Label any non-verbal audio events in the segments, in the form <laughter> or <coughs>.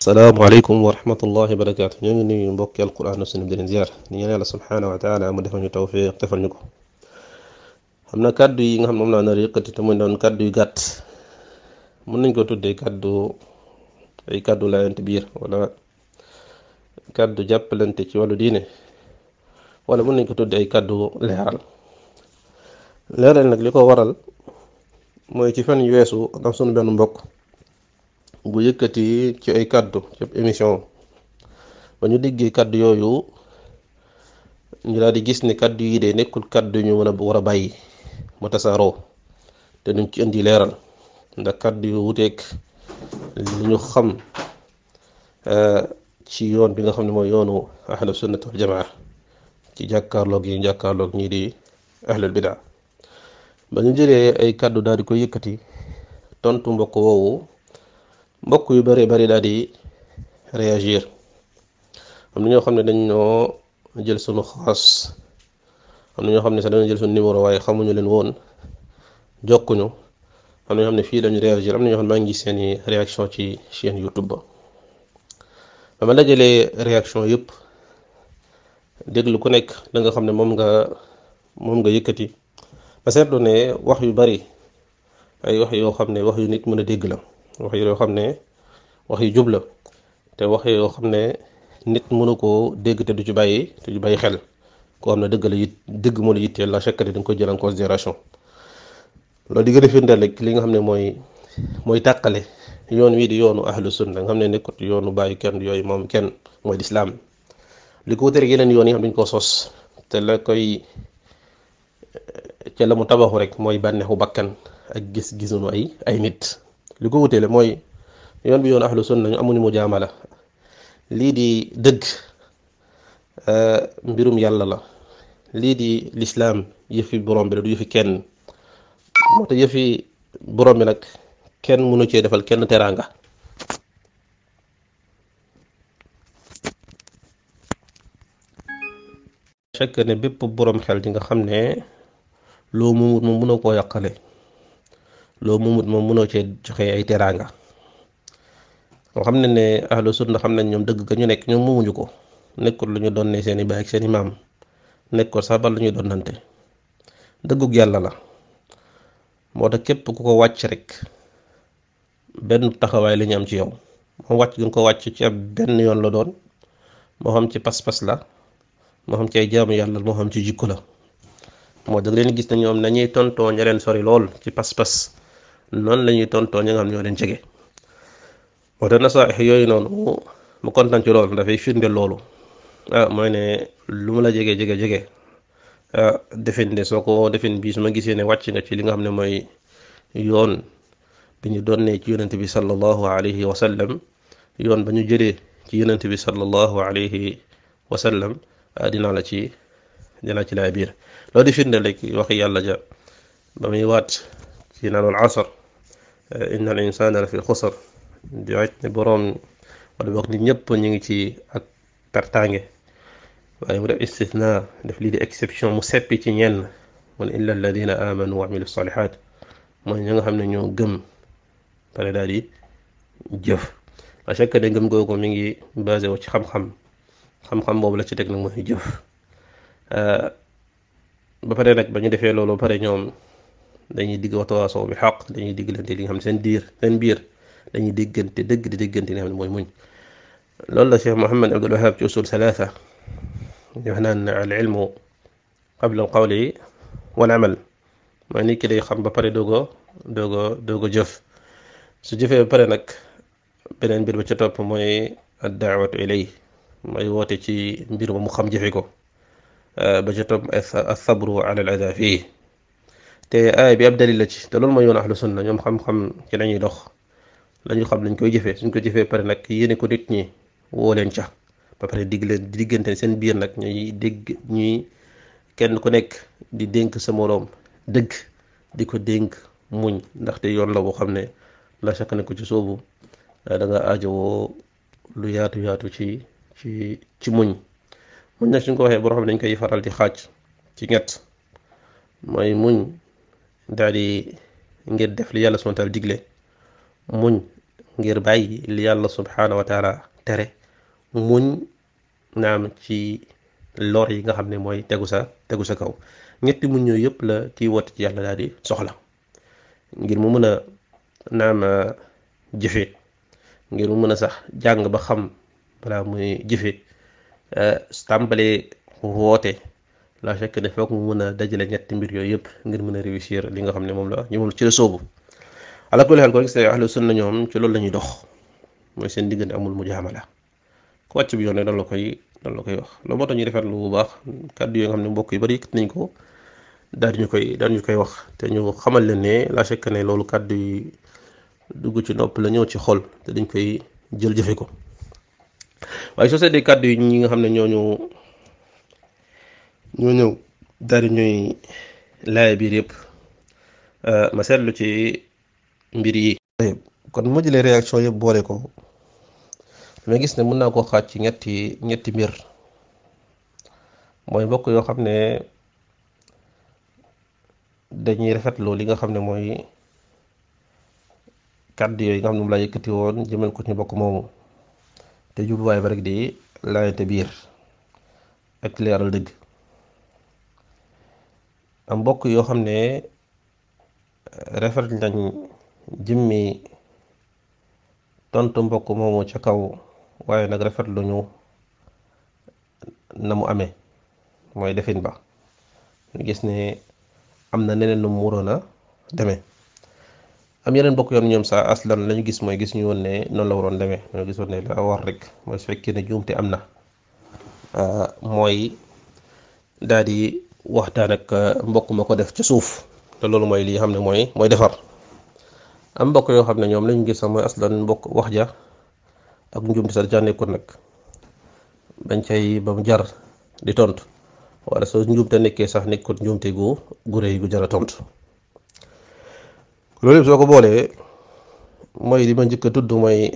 salaamaaleykum wa rahmatullahi wa barakaatu ñoo ngi nuyu mbokki alquran sunna di leen ziar ni ñaan yàlla subhaanahu wa taala mu defal ñu tawfiq defal ñu ko am na kàddu yi nga xam ne moom laa nar yëkkati te muy doon kàddu yu gàtt mën nañ koo tudd kàddu ay kàddu laayante biir wala kàddu jàppalante ci wàllu diine wala mën nañ ko tudd ay kàddu leeral leeral nag li ko waral mooy ci fan yu weesu dam suñu benn mbokk bu yëkkati ci ay kàddu ci émission ba ñu déggee kàddu yooyu ñu daal di gis ne kàddu yi de nekkul kàddu ñu mën a war a bàyyi mu tasaaroo te duñ ci indi leeral ndax kàddu yu wuteeg li ñu xam euh, ci yoon bi nga xam ne mooy yoonu ahlu sunnat wal ci jàkkaarloog yi jàkkaarloog ñii di ahlul bidaa ba ñu jëlee ay kàddu daal di koy yëkkati tontu mbokk woowu mbokk yu bari bari daal di réagir am na ñoo xam ne dañ ñoo jël sunu xaas am na ñoo xam ne sax dañoo jël sunu numéro waaye xamuñu leen woon jokkuñu am na ñoo xam ne fii lañu réagir am na ñoo xam ne maa ngi gis seeni réaction ci chaîne YouTube ba dama la dajalee réaction yëpp déglu ku nekk danga xam ne moom nga moom nga yëkkati ba seetlu ne wax yu bari ay wax yoo xam ne wax yu nit mën a dégg la wax yi yoo xam ne wax yu te wax yoo xam ne nit mënu koo dégg du ci bàyyi te du bàyyi xel koo xam dëgg la it dëgg moo la yitteel la chaque da nga koy jël en considération loolu di gën a firndeel li nga xam ne mooy mooy tàqale yoon wii di yoonu ahlu sunna nga xam ne nekkut yoonu bàyyi kenn yooyu moom kenn mooy lislaam li ko wuteeg yeneen yoon yi xam dañ sos te la koy ca la mu tabaxu rek mooy bànneexu bakkan ak gis-gisunu ay ay nit li ko wutele mooy yoon bi yoon ahlu sunna ñu amuñu mujaamala lii di dëgg eh, mbirum yàlla la lii di lislaam yëfi borom bi la du yëfi kenn moo tax yëfi borom bi nag kenn mënu cee defal kenn teraanga fekk ne bépp borom xel di nga xam ne loo moomut moom mënoo koo yàqale loo mumut moom mënoo cee joxe ay teraanga nga xam ne ne ahlu sunna xam nañ ñoom dëgg ka ñu nekk ñoom mumuñu ko nekkul lu ñu doon ne seeni i baay ak seen maam nekkoon sax bal lu doon nante dëggug yàlla la moo tax képp ku ko wàcc rek benn taxawaay lañu am ci yow moom wàcc gi nga ko wàcc ci ab benn yoon la doon moo xam ci pas-pas la moo xam ci ay jaamu yàlla moo xam ci jikko la moo da leen gis na ñoom nañuy tontoo ña leen sori lool ci noonu lañuy ñuy tontoo a nga xam ñoo leen jege moo tax nasaax yooyu noonu mu kontaan ci loolu dafay firnde loolu ah mooy ne lu mu la jege jege jege ah defin soo ko defee bii su ma gisee ne wàcc nga ci li nga xam ne mooy yoon bi doon ne ci yonent bi sallallahu alayhi wa sallam yoon ba ñu ci yonent bi sallallahu alayhi wa sallam ah, dinaa la ci dinaa ci laay biir loolu di firndeel rek waxi yàlla ja ba muy waat ci naan wal asr ان الانسان لفي خسر ديوت بروم ولا بوك دي نيب نيغي تي اك برتانغ واي مود استثناء داف لي دي اكسبسيون مو سيبي تي نيل ولا الا الذين امنوا وعملوا الصالحات مو نيغا خامن نيو گم بالا دادي جيف اشك دي گم گوكو ميغي بازي و تي خم خم خم خم بوب لا تي تك نك مو جيف ا با نك با ني ديفه لولو باري نيوم dañuy digg waxtu waasoo bi xaq dañuy digglante li nga xam ne seen diir seen biir dañuy diggante dëgg di diggante nga xam ne mooy muñ loolu la cheikh mohamad abdul wahab ci usul salaasa wax naan al ilmu qabla al qawli wal amal mooy nit ki day xam ba pare doogo doogo doogo jëf su jëfee ba pare nag beneen mbir ba ca topp mooy ad daawatu ilay mooy woote ci mbir ba mu xam jëfe ko ba ca topp as sabru ala al ada fii te aaya bi ab dalil la ci te loolu mooy yoon ahlu sunna ñoom xam-xam ci lañuy dox lañu xam lañ koy jëfee suñ ko jëfee pare nag yéene ko nit ñi woo leen ca ba pare digg leen diggante seen biir nag ñuy dégg ñuy kenn ku nekk di dénk sa moroom dëgg di ko dénk muñ ndaxte yoon la boo xam ne la chaque ne ko ci soobu eh, da nga aajowoo lu yaatu yaatu ci ci ci muñ muñ nag suñ ko waxee boo xam ne dañ koy faral di xaaj ci ñett mooy muñ daal di ngir def li yàlla subhanahu wa digle muñ ngir bàyyi li yàlla subhanahu wa tere muñ naam ci lor yi nga xam ne mooy tegu sa tegu sa kaw ñetti mu ñooyu yëpp la ci woote ci yàlla daal soxla ngir mu mën a naam uh, jëfe ngir mu mën a sax jàng ba xam balaa muy jëfe uh, tàmbalee woote la fekk ne foog mu mën a dajale ñetti mbir yooyu yëpp ngir mën a réussir li nga xam ne moom la ñu moom la ci la ñuy dox mooy seen diggante amul mujaamala ku wàcc bi yoon ne la koy dan la koy wax loolu moo tax ñu lu bu baax kàddu yi nga xam ne mbokk yu bari yëkkat nañ ko daal ñu koy daal koy wax te ñu xamal leen ne la fekk ne loolu kàddu yi dugg ci nopp la ñëw ci xol te dañ koy jël jëfe ko waaye soo seetee kàddu yi ñi nga xam ne ñooñu ñoo ñëw daal di ñuy laay biir yëpp euh, ma seetlu ci mbir yi. kon bu ma jëlee réaction yépp boole ko dama gis ne mën naa koo xaaj ci ñetti ñetti mbir mooy mbokk yoo xam ne dañuy rafetloo li nga xam ne mooy kàddu yooyu nga xam ne moom laa yëkkati woon jëmal ko ci mbokk moomu te jubluwaay ba rek di laajate biir ak leeral dëgg. am mbokk yoo xam ne eh, rafet nañ jëmmi tontu mbokk moomu ca kaw waaye nag rafet lu ñu na mu amee mooy defin ba ñu gis ne am na neneen nu mu waroon a demee am yeneen bokk yoon ñoom saa aslan lañu gis mooy gis ñu woon ne noonu la waroon demee dañu gis woon la war rek mooy su fekkee ne juumte am na ah, mooy daal waxtaan ak euh, mbokk ma ko def ci suuf te loolu mooy li xam ne mooy mooy defar am mbokk yoo xam ne ñoom lañu gis sax mooy aslan mbokk wax ja ak njumti sa ca nekkoon nag bañ cay ba mu di tontu wala soo njumte nekkee sax nekkoon njumte gu gu rëy gu jar a tontu loolu yëpp soo ko boolee mooy li ma njëkk a tudd mooy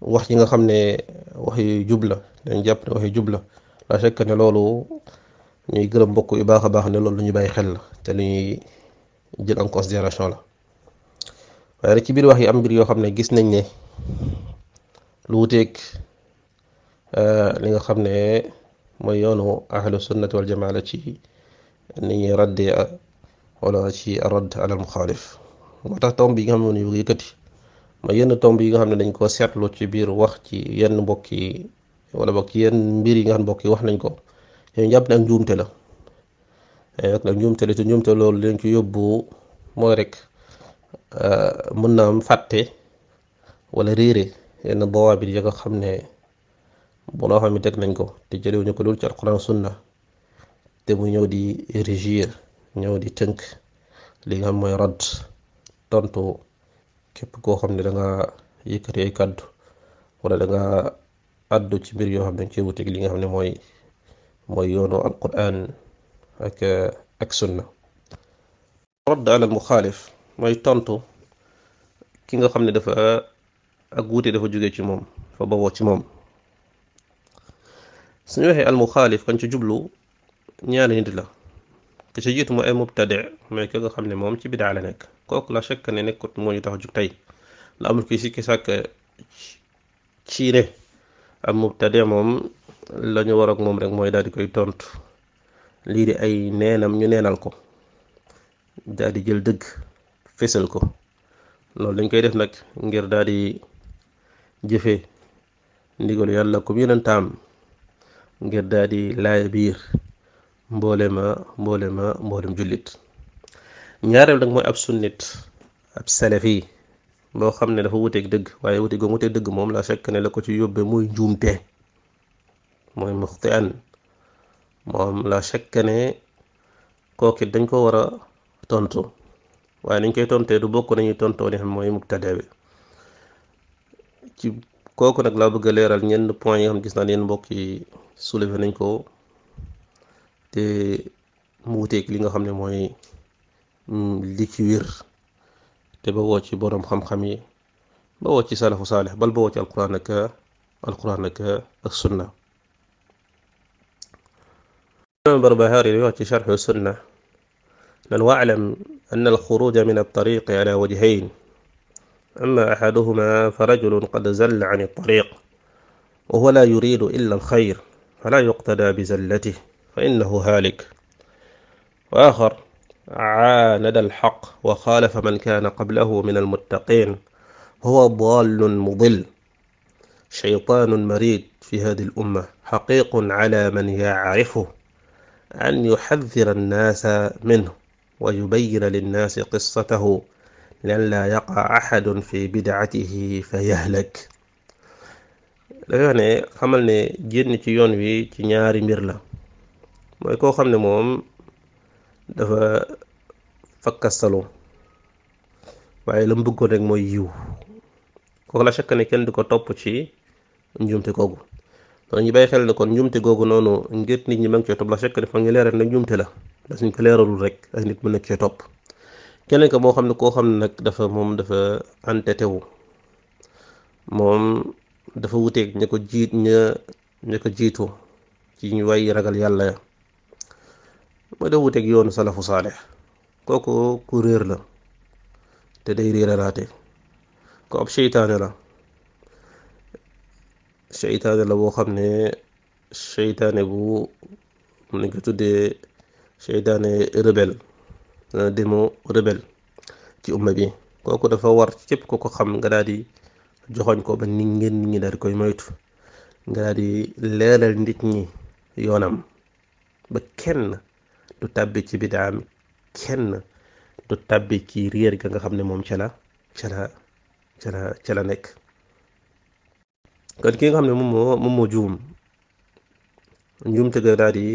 wax yi nga xam ne wax yu jub dañ jàpp ne wax yu jub la fekk ne loolu ñuy gërëm mbokk yu baax a baax ne loolu lu ñu bàyyi xel la te lu ñuy jël en considération la waaye ci biir wax yi am mbir yoo xam ne gis nañ ne lu wuteeg euh, li nga xam ne mooy yoonu ahlu sunnati wal jamaa la ci ni ñuy raddee walla ci radd alal muxaalif moo tax tomb yi nga xam ne ñu yëkkati ma yenn tomb yi nga xam ne dañ ko seetlu ci biir wax ci yenn mbokk yi wala bokk yenn mbir yi nga xam mbokk yi wax nañ ko yooyu jàpp ne ak njuumte la eh, nag nag la te njuumte loolu leen ci yóbbu mooy rek eh, mën na am fàtte walla réere yenn dawaabit ya nga xam ne boloo xam ne teg nañ ko te jëlewuñu ko loolu ci alquran sunna te mu ñëw di régir ñëw di tënk li nga xam mooy rod tontu képp koo xam ne da nga yëkkati ay kàddu wala da nga àddu ci mbir yoo xam ne ci wuteeg li nga xam ne mooy ويونو القرآن هكا أك السنة رد على المخالف ما يتنطو كي نغا خمني دفا أقوتي دفا جوغي تيموم فبوو تيموم سنوهي المخالف كان تجبلو نيال هندلا تشجيت مو اي مبتدع ما كي نغا خمني موم تي بدا على نك كوك لا شك اني نكوت مو يتاخو جوك تاي لأمر كيسي كيساك تشيري المبتدع موم la ñu war moom rek mooy daal koy tontu lii de ay neenam ñu neenal ko daldi jël dëgg fésal ko loolu dañ koy def nag ngir daldi jëfe ndigalu yàlla kum yonentaam ngir daal di laaya biir mboolema ma mboolem jullit ñaareel nag mooy ab sunnit ab yi boo xam ne dafa wuteeg dëgg waaye wuteeg goom wuteeg dëgg moom la fekk ne la ko ci yóbbe muy njuumte mooy muxti an moom la shakka ne kookit dañ ko war a tontu waaye nañ koy tontee du bokk nañuy tonto li xam mooy mubtada bi ci kooku nag laa bëgg a leeral ñenn point yi nga xam gis naa yéen mbokk yi soulevé nañ ko te mu li nga xam ne mooy li te ba woo ci boroom xam-xam yi ba woo ci salafu saalix bal ba woo ci alquran ak alquran ak ak sunna الإمام البربهاري ليعطي شرح السنة قال واعلم أن الخروج من الطريق على وجهين أما أحدهما فرجل قد زل عن الطريق وهو لا يريد إلا الخير فلا يقتدى بزلته فإنه هالك وآخر عاند الحق وخالف من كان قبله من المتقين هو ضال مضل شيطان مريد في هذه الأمة حقيق على من يعرفه أن يحذر الناس منه ويبين للناس قصته لأن لا يقع أحد في بدعته فيهلك لغاني خملني جن تيون في تنياري ميرلا ويكو خملني موم دفا فك السلو waaye lam bëggoon rek mooy yiw kooku la chaque ne kenn di ko loolu ñu bàyyi xel ne kon njumte googu noonu ngir nit ñi ma ngi cee topp la fekk dafa ngi leeral ne njumte la da suñ ko leeralul rek ak nit mun na cee topp keneen ko moo xam ne koo xam ne nag dafa moom dafa entêté wu moom dafa wuteeg ñu ko jiit ña ña ko jiitoo ci ñu way ragal yàlla ya mooy dafa wuteeg yoonu salafu saaleh kooku ku réer la te day réeralaate ko ab seytaane la seytaane la boo xam ne seytaane bu mu nañ tuddee seytaane rebelle demo rebelle ci umma bi kooku dafa war cépp ko ko xam nga daal di joxoñ ko ba nit ngeen nit ñi daal di koy moytu nga daal di leeral nit ñi yoonam ba kenn du tàbbi ci bidaam kenn du tàbbi ci réer ga nga xam ne moom ca la ca la ca la ca la nekk kon ki nga xam ne moom moo moom moo juum njuumte ga daal di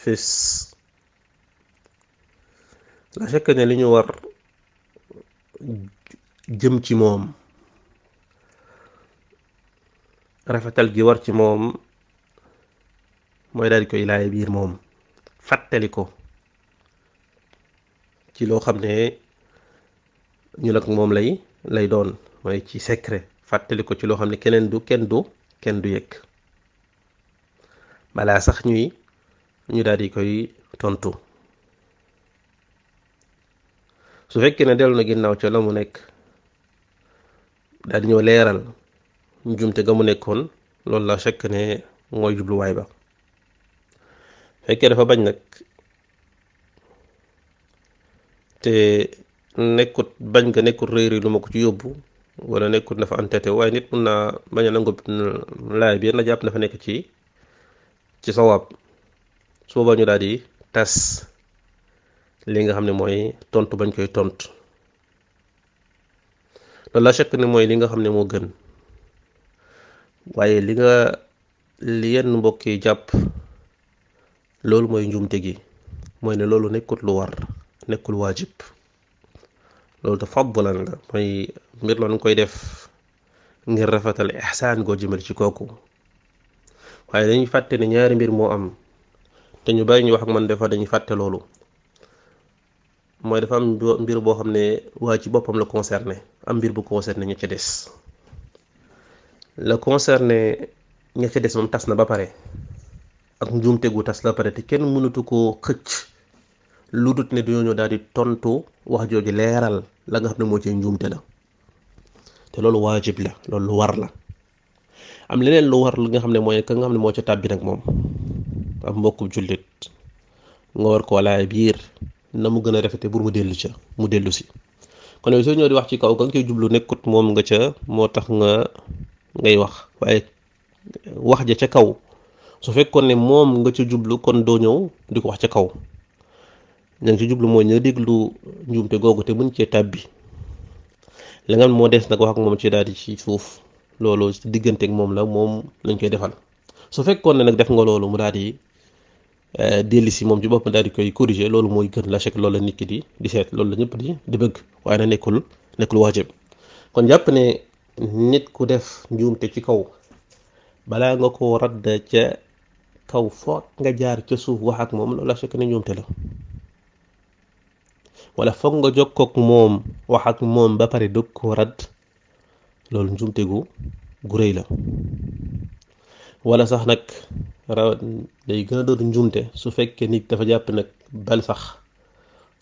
fés la fekk ne li ñu war jëm ci moom rafetal gi war ci moom mooy daal di koy laay biir moom fàttali ko ci loo xam ne ñu nag moom lay lay doon mooy ci secret fàttali ko ci loo xam ne keneen du kenn du kenn du yëg balaa sax ñuy ñu daal di koy tontu su fekkee ne dellu na ginnaaw ca la mu nekk daal di ñëw leeral jumte ga mu nekkoon loolu la fekk ne mooy jubluwaay ba fekkee dafa bañ nag te nekkut bañ nga nekkut réer yi lu ma ko ci yóbbu wala nekkul dafa entêté waaye nit mun naa bañ a nangu laay biir na jàpp dafa nekk ci ci sawaab su boobaa ñu daal di tas li nga xam ne mooy tontu bañ koy tontu loolu la chekk ne mooy li nga xam ne moo gën waaye li nga li yenn mbokk yi jàpp loolu mooy njuumte gi mooy ne loolu nekkul lu war nekkul waajib loolu tafaddulan la mooy mbir la nu koy def ngir rafetal ixsaan goo jëmal ci kooku waaye dañuy fàtte ne ñaari mbir moo am te ñu bari ñu wax ak man defa dañuy fàtte loolu mooy dafa am mbir boo xam ne waa ci boppam la concerné am mbir bu concerné ña ca des la concerné ña ca des moom tas na ba pare ak njuumte gu tas la pare te kenn mënatu koo xëcc lu dut ne dañoo ñëw daal di tontu wax jooju leeral la nga xam ne moo ci njuumte la te loolu waajib la loolu lu war la am leneen lu war lu nga xam ne mooy ka nga xam ne moo ca tàbbi nag moom am mbokku nga war koo biir na mu gën a rafete pour mu dellu ca mu dellu si kon soo ñëw di wax ci kaw ka nga koy jublu nekkut moom nga ca moo tax nga ngay wax waaye wax ja ca kaw su fekkoon ne moom nga ca jublu kon doo ñëw di ko wax ca kaw ña ngi ci jublu mooy ñu déglu njuumte googu te mën cee tàbbi la nga moo des nag wax ak moom ci daal di ci suuf loolu ci moom la moom lañ koy defal su fekkoon ne nag def nga loolu mu daal di eh, delli si moom ci boppam daal di koy corriger loolu mooy gën la chek loolu la di di seet loolu la ñëpp di di bëgg waaye na nekkul nekkul waajib kon jàpp ne nit ku def njuumte ci kaw balaa nga ko radd ca kaw foog nga jaar ca suuf wax ak moom loolu la chek ne njuumte la wala foog nga jokkook moom wax ak moom ba pare dëgg ko rad loolu njumte gu gu rëy la wala sax nag rawat day gën a doon njumte su fekkee nit dafa jàpp nag bal sax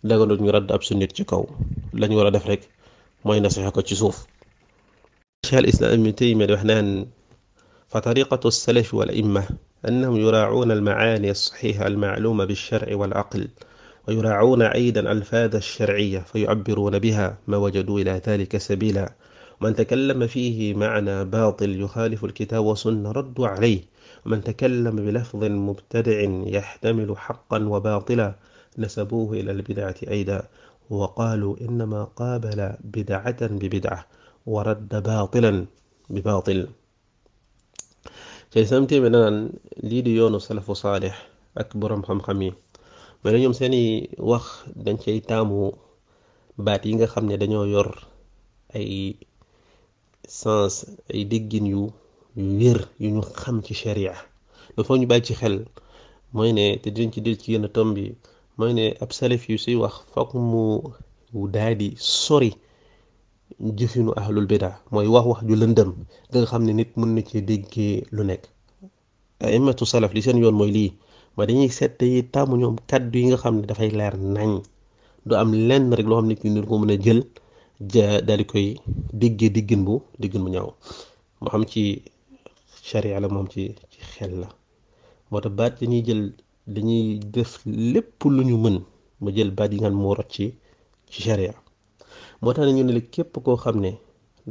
danga doon ñu radd ab sunnit ci kaw lañ war a def rek mooy nasixa ko ci suuf شيخ الإسلام ابن تيمية وحنان فطريقة السلف والأئمة أنهم يراعون المعاني الصحيحة المعلومة بالشرع والعقل ويراعون أيضا الألفاظ الشرعية فيعبرون بها ما وجدوا إلى ذلك سبيلا من تكلم فيه معنى باطل يخالف الكتاب والسنة رد عليه ومن تكلم بلفظ مبتدع يحتمل حقا وباطلا نسبوه إلى البدعة أيضا وقالوا إنما قابل بدعة ببدعة ورد باطلا بباطل شيء سمتي منان ليديون يونس صالح أكبر خمخمي mais na ñoom seeni wax dañ cay taamu baat yi nga xam ne dañoo yor ay sens ay déggin yu wér yu ñu xam ci sharia dafa ñu bàyyi ci xel mooy ne te dinañ ci del ci yenn tom bi mooy ne ab salaf yu suy wax foog mu daal di sori jëfinu ahlul bida mooy wax wax ju lëndëm nga xam ne nit mën na cee déggee lu nekk ay aimatu salaf li seen yoon mooy lii ba dañuy seet te yi tàmm ñoom kàddu yi nga xam ne dafay leer nañ du am lenn rek loo xam ne ki nit ko mën a jël ja daal di koy diggee diggin bu diggin xam ci charia la moom ci ci xel la moo tax baat dañuy dañuy def lépp lu ñu mën ma jël baat yi nga xam ci ci charia moo ne ñu képp koo xam ne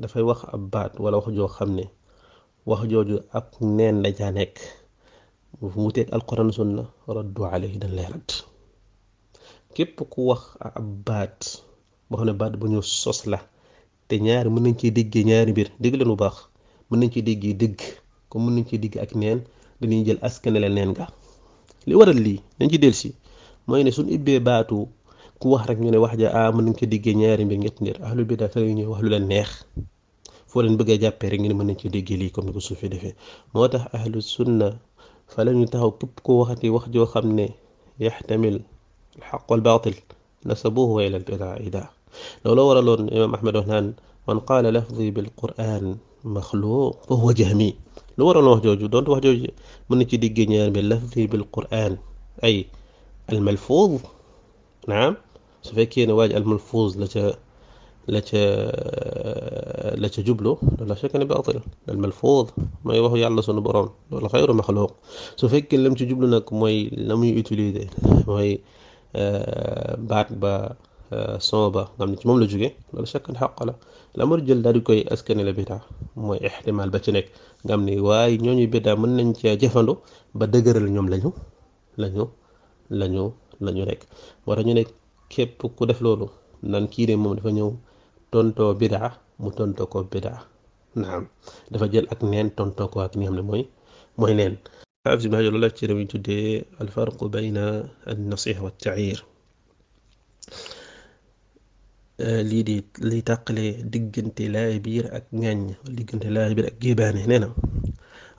dafay wax ab baat wala wax joo xam ne wax jooju ab neen la caa nekk bu mu teeg alquran sunna raddu alayhi dañ lay radd képp ku wax ab baat boo xam ne baat bu ñu sos la te ñaari mun nañ ciy déggee ñaari mbir dégg leen bu baax mën nañ ciy déggee dëgg comme mën nañ ciy dégg ak neen dañuy jël askane la neen ga li waral lii nañ ci delsi mooy ne suñ ibbee baatu ku wax rek ñu ne wax ja ah mën nañ ko déggee ñaari mbir ñetti mbir ahlul bidaa fa ñuy wax lu leen neex foo leen bëggee jàppee rek ñu ne mën nañ ci déggee lii comme ni ko suufee defee moo tax ahlu sunna فلن ينتهوا كبكو وهتي وخدي وخمني يحتمل الحق والباطل نسبوه إلى البدع إذا لو لورا لون إمام أحمد هنان من قال لفظي بالقرآن مخلوق فهو جهمي لورا لون وهجوج دون وهجوج من تدي جنيان بلفظي بالقرآن أي الملفوظ نعم سوف سفكين واج الملفوظ لتأ لا تجبله لا شك باطل الملفوظ ما وهو يعلى sunu borom loolu xayru maxluuq su fekkee lam ci jublu nag mooy la muy utiliser mooy baat ba son ba nga xam ne ci moom la jóge loolu chakkan xaq la la mar jël daal di koy askane la bidaa mooy ixtimal ba ci nekk nga xam ne waaye ñooñu bidaa mën nañ cee jëfandu ba dëgëral ñoom lañu lañu lañu lañu nekk war ñu nekk képp ku def loolu nan kii de moom dafa ñëw tonto bida mu tonto ko bida naam dafa jël ak neen tonto ko ak li nga moy ne mooy mooy neen xaafis bi loolu la ci réew tuddé al farq bayna an nasiha wa ta'ir li di li tàqale digënté laay ak ngagne digënté laay ak gibané nee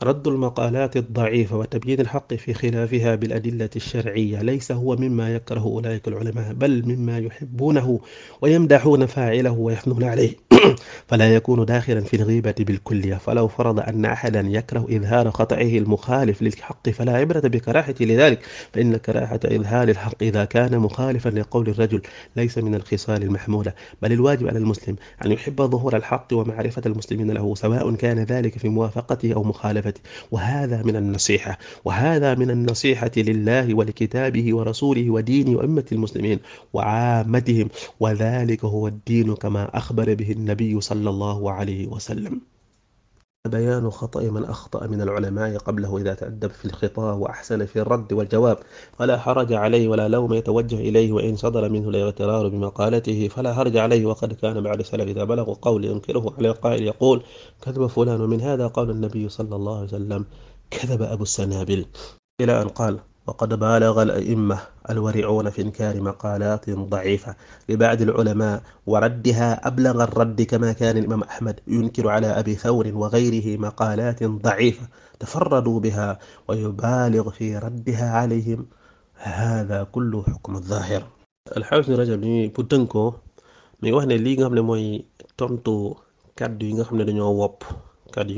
رد المقالات الضعيفة وتبيين الحق في خلافها بالأدلة الشرعية ليس هو مما يكره أولئك العلماء بل مما يحبونه ويمدحون فاعله ويحنون عليه <coughs> فلا يكون داخلا في الغيبة بالكلية فلو فرض أن أحدا يكره إظهار خطئه المخالف للحق فلا عبرة بكراحة لذلك فإن كراهة إظهار الحق إذا كان مخالفا لقول الرجل ليس من الخصال المحمولة بل الواجب على المسلم أن يحب ظهور الحق ومعرفة المسلمين له سواء كان ذلك في موافقته أو مخالفته الأبد وهذا من النصيحة وهذا من النصيحة لله ولكتابه ورسوله ودينه وأمة المسلمين وعامتهم وذلك هو الدين كما أخبر به النبي صلى الله عليه وسلم بيان خطأ من أخطأ من العلماء قبله إذا تأدب في الخطاب وأحسن في الرد والجواب ولا حرج عليه ولا لوم يتوجه إليه وإن صدر منه الاغترار بمقالته فلا حرج عليه وقد كان بعد سلف إذا بلغوا قول ينكره على القائل يقول كذب فلان ومن هذا قول النبي صلى الله عليه وسلم كذب أبو السنابل إلى أن قال وقد بالغ الأئمة الورعون في إنكار مقالات ضعيفة لبعض العلماء وردها أبلغ الرد كما كان الإمام أحمد ينكر على أبي ثور وغيره مقالات ضعيفة تفردوا بها ويبالغ في ردها عليهم هذا كله حكم الظاهر alxames رجب rajab ni bu tënko mi wax ne lii كاد xam ne mooy tontu kàddu yi nga xam ne dañoo wopp kàddu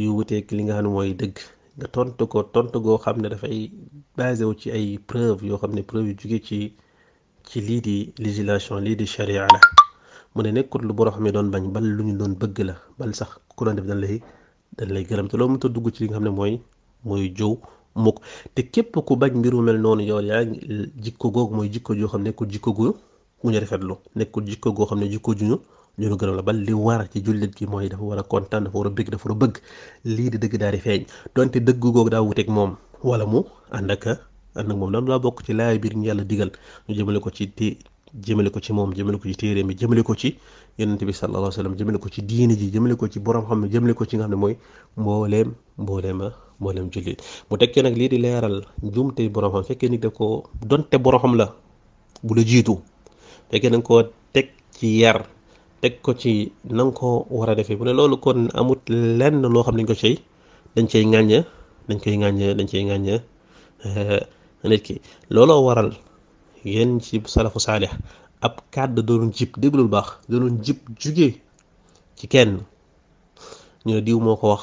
yi nga xam nga tontu ko tontu goo xam ne dafay basé wu ci ay preuve yoo xam ne preuve yu jóge ci ci lii di législation lii di sharia la mu ne nekkut lu boo mi ne doon bañ bal lu ñu doon bëgg la bal sax ku doon def dañ lay dañ lay gërëm te loolu mënta dugg ci li nga xam ne mooy mooy jëw mukk te képp ku bañ mbiru mel noonu yow yaa ngi jikko googu mooy jikko joo xam ne nekkul jikko gu mu ñu rafetlu nekkul jikko goo xam ne jikko juñu ñoo gërëm la bal li war ci jullit gi mooy dafa a kontaan dafa war a bëgg bëgg lii di dëgg daal di feeñ donte dëgg googu daa wuteeg moom wala mu ànd ak ànd moom lan laa bokk ci laay biir ñu yàlla digal ko ci té jëmale ko ci moom jëmale ko ci téere mi jëmale ko ci yonent bi sallallahu alayhi wa sallam jëmale ko ci diine ji jëmale ko ci borom xam ne jëmale ko ci nga ne mooy mbooleem mbooleem a mbooleem jullit mu tekkee nag lii di leeral njuumte borom xam fekkee ni da ko donte borom xam la bu la jiitu fekkee nag ko teg ci yar teg ko ci na ko war a defee bu ne loolu kon amut lenn loo xam ne dañ ko cay dañ cay ŋàñña dañ koy ŋàñña dañ cay ŋàñña eh, nit ki looloo waral yéen ci salafu saalix ab kàddu doon jib lu baax doon jib jugee ci kenn ñu ne diw moo ko wax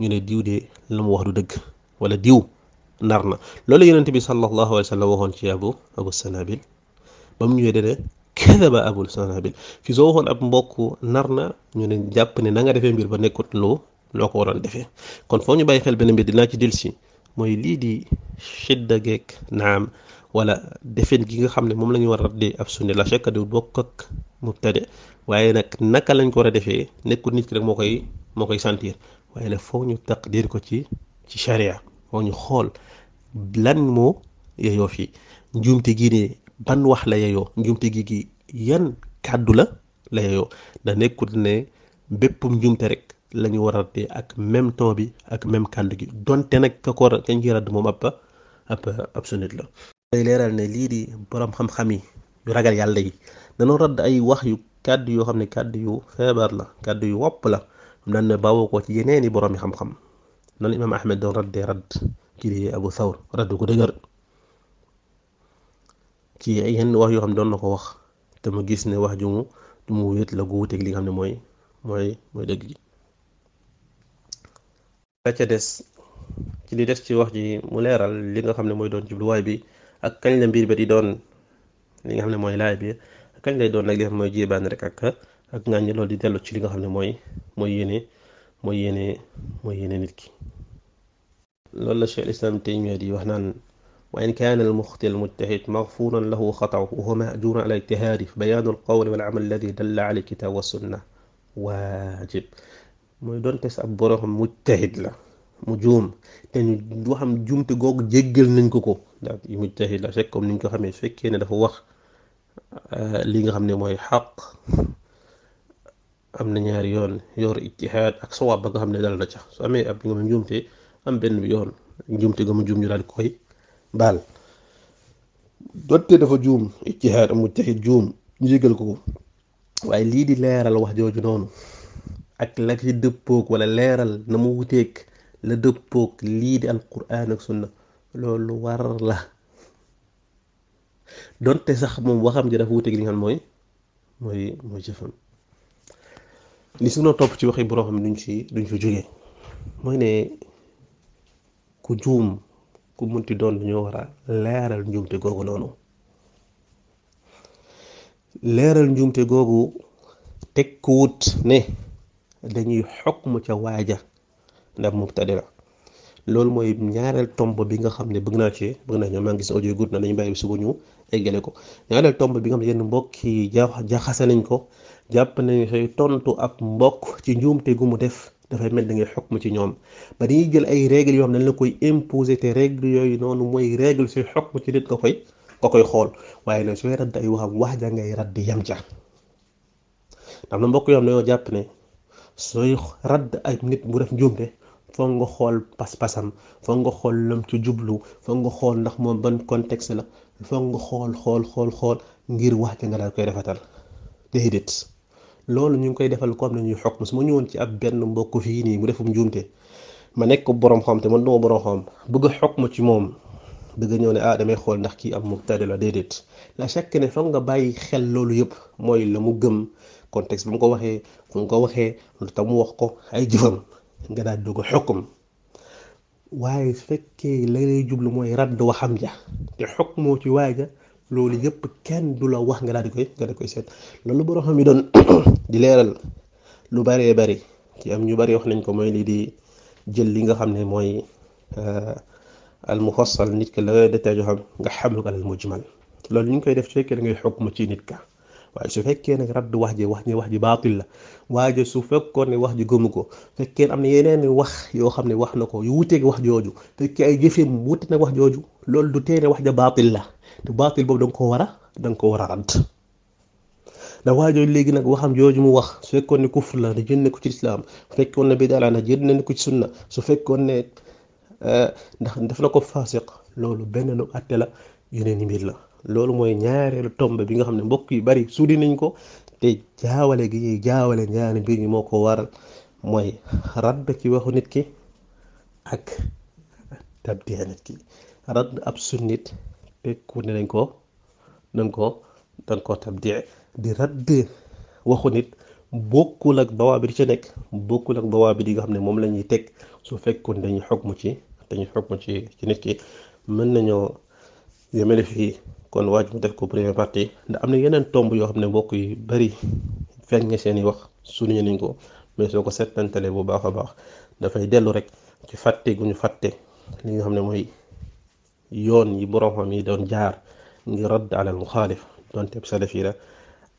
ñu ne diw de la mu wax du dëgg wala diw nar na loolu yonent bi sallallahu alayhi wa sallam waxoon ci abu abu sanabil ba mu ñëwee dene كذب ابو لسان هابيل في زوهون اب موكو نرنا ني نجاب ني نغا ديفي مير با نيكوت لو لوكو وران ديفي كون فوني باي خيل بن مدينه تي ديلسي موي لي دي شده جيك نعم ولا ديفين كيغا خامني موم لا ني ورا دي اب سوني لا شك دو بوكك مبتدا وايي نك نكا لا نكو ورا ديفي نيكوت نيت كريك موكاي موكاي سانتير وايي لا فو ني تقدير كو تي تي شريعه فو ني خول لان مو يا يوفي نجومتي جيني ban wax la yeyoo njumte gi gi yan kàddu la la yeyoo da nekkut ne bépp njumte rek la ñu war a ak même temps bi ak même kàddu gi donte nag ka ko kañ ci radd moom ab ab ab sunnit la day leeral ne lii di boroom xam-xam yi yu ragal yàlla yi dañoo radd ay wax yu kàddu yoo xam ne kàddu yu feebar la kàddu yu wopp la am daan ne bawoo ko ci yeneeni boroom yi xam-xam noonu imaam ahmed doon raddee radd kii di abu thawr radd ko dëgër ci yenn wax yoo xam ne doon na ko wax te mu gis ne wax ju mu ju wéet la gu wuteeg li nga xam ne mooy mooy mooy dëgg gi la ca des ci li des ci wax ji mu leeral li nga xam ne mooy doon jubluwaay bi ak kañ la mbir ba di doon li nga xam ne mooy laay bi kañ lay doon nag li xam ne mooy jéebaan rek ak ak ngàññi loolu di dellu ci li nga xam ne mooy mooy yéene mooy yéene mooy nit ki loolu la Cheikh Islam Taymiyya di wax naan وإن كان المخطئ المجتهد مغفورا له خطأه وهو مأجور على اجتهاده فبيان القول والعمل الذي دل عليه الكتاب والسنة واجب مدون تسأب برهم مجتهد له مجوم تاني دوهم جوم تقوك جيجل ننكوكو دات مجتهد له شكو ننكو خمي شكينا دفو وخ آه، لين خمني موي حق أمن نياري يون يور اجتهاد أكسوا بغا خمني دلنا شخص أمي أبنغم جومتي أم بن بيون جومتي غم جوم جلال كوي بال دوت دافا جوم اجتهاد مجتهد جوم نيجل كو واي لي دي ليرال واخ جوجو نون اك لا كي دبوك ولا ليرال نمو ووتيك لا دبوك لي دي القران اك سنه لولو وار لا دونت صح موم واخام جي دافا ووتيك لي خان موي موي موي جيفم لي سونو توب سي واخي بروخام نونشي دونجو جوغي موي ني كو جوم ku munti doon dañoo war a leeral njuumte googu noonu leeral njuumte googu tekkiwut ne dañuy mu ca waaja ndax mubtadi la loolu mooy ñaareel tomb bi nga xam ne bëgg naa ci bëgg naa ñoom maa ngi gis audio gudd na dañu bàyyi suba ñu eggale ko ñaareel tomb bi nga xam ne yenn mbokk yi jaxase nañ ko jàpp nañ xëy tontu ab mbokk ci njuumte gu mu def dafay mel da ngay xukm ci ñoom ba dañuy jël ay règle yoo xam dañ la koy imposer te règle yooyu noonu mooy règle suy xukm ci nit ko koy ko koy xool waaye nag sooy radd ay waxam wax ja ngay radd yam ja am na mbokk yoo xam ne jàpp ne sooy radd ak nit bu def de foog nga xool pas-pasam foog nga xool lam ci jublu foog nga xool ndax moom ban contexte la foog nga xool xool xool xool ngir wax ja nga daal koy rafetal déedéet loolu ñu ngi koy defal comme nañuy xokk su ma ñëwoon ci ab benn mbokk fii nii mu defum njuumte ma nekk borom xam te man duma borom xam bëgg a xokk ma ci moom bëgg ñëw ne ah damay xool ndax kii am mubtadi la déedéet la chaque ne foog nga bàyyi xel loolu yëpp mooy la mu gëm contexte bu mu ko waxee fu mu ko waxee lu tax mu wax ko ay jëfam nga daal di ko xukum waaye su fekkee la lay jublu mooy rad waxam ja te xukmoo ci waaja loolu yépp kenn du la wax nga daal di koy nga di koy seet loolu borom xam yi doon di leeral lu bëree bëri ci am ñu bëri wax nañ ko mooy lii di jël li nga xam ne mooy al mufassal nit ka la ngay détaillé xam nga xamlu ko al mujmal loolu ñu koy def su fekkee da ngay xukma ci nit ka waaye su fekkee nag radd wax ji wax ji wax ji baatil la waaye su fekkoon ne wax ji gëmu ko fekkee am na yeneen wax yoo xam ne wax na ko yu wuteeg wax jooju fekkee ay jëfeem wute nag wax jooju loolu du tee wax ja baatil la baatil boobu da nga koo war a da nga koo war a ràdd da waajoo léegi nag waxam jooju mu wax su fekkoon ne kufr la na jënd ko ci lislaam fekkoon ne bidaa la na jënd ko ci sunna su fekkoon ne eh, ndax def na ko faasiq loolu benn nu àtte la yeneen mbir la loolu mooy ñaareelu tomb bi nga xam ne mbokk yu bari suudi nañ ko te jaawale gi ñuy jaawale ñaari mbir ñi moo ko waral mooy radd ci waxu nit ki ak tabdiya nit ki radd ab sunnit ne nañ ko nañ ko dañ ko tabdi di radd waxu nit bokkul ak di ci nekk bokkul ak bi di nga xam ne moom lañuy teg su fekkoon dañuy xukmu ci dañuy xukmu ci ci nit ki mën nañoo yemele fii kon waaj mu def ko première partie ndax am na yeneen tomb yoo xam ne mbokk yu bari feeñ nga seen i wax suñu nañ ko mais soo ko seetantalee bu baax a baax dafay dellu rek ci fàtte gu ñu fàtte li nga xam ne mooy يون يبرم همي دون جار يرد على المخالف دون تبص له فيرا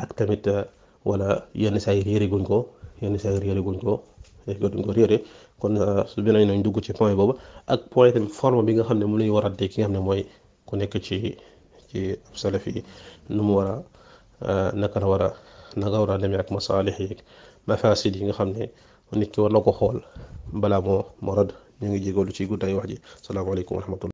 أكتمت ولا ينسي ريري غنكو ينسي ريري غنكو يقدون غريري كون سبنا ينو يندوكو شيء فاهم بابا أك بوي تم فورم بيجا هم نمونا يورد ديكي هم نموي كونك شيء شيء تبص له في نمورا نكر ورا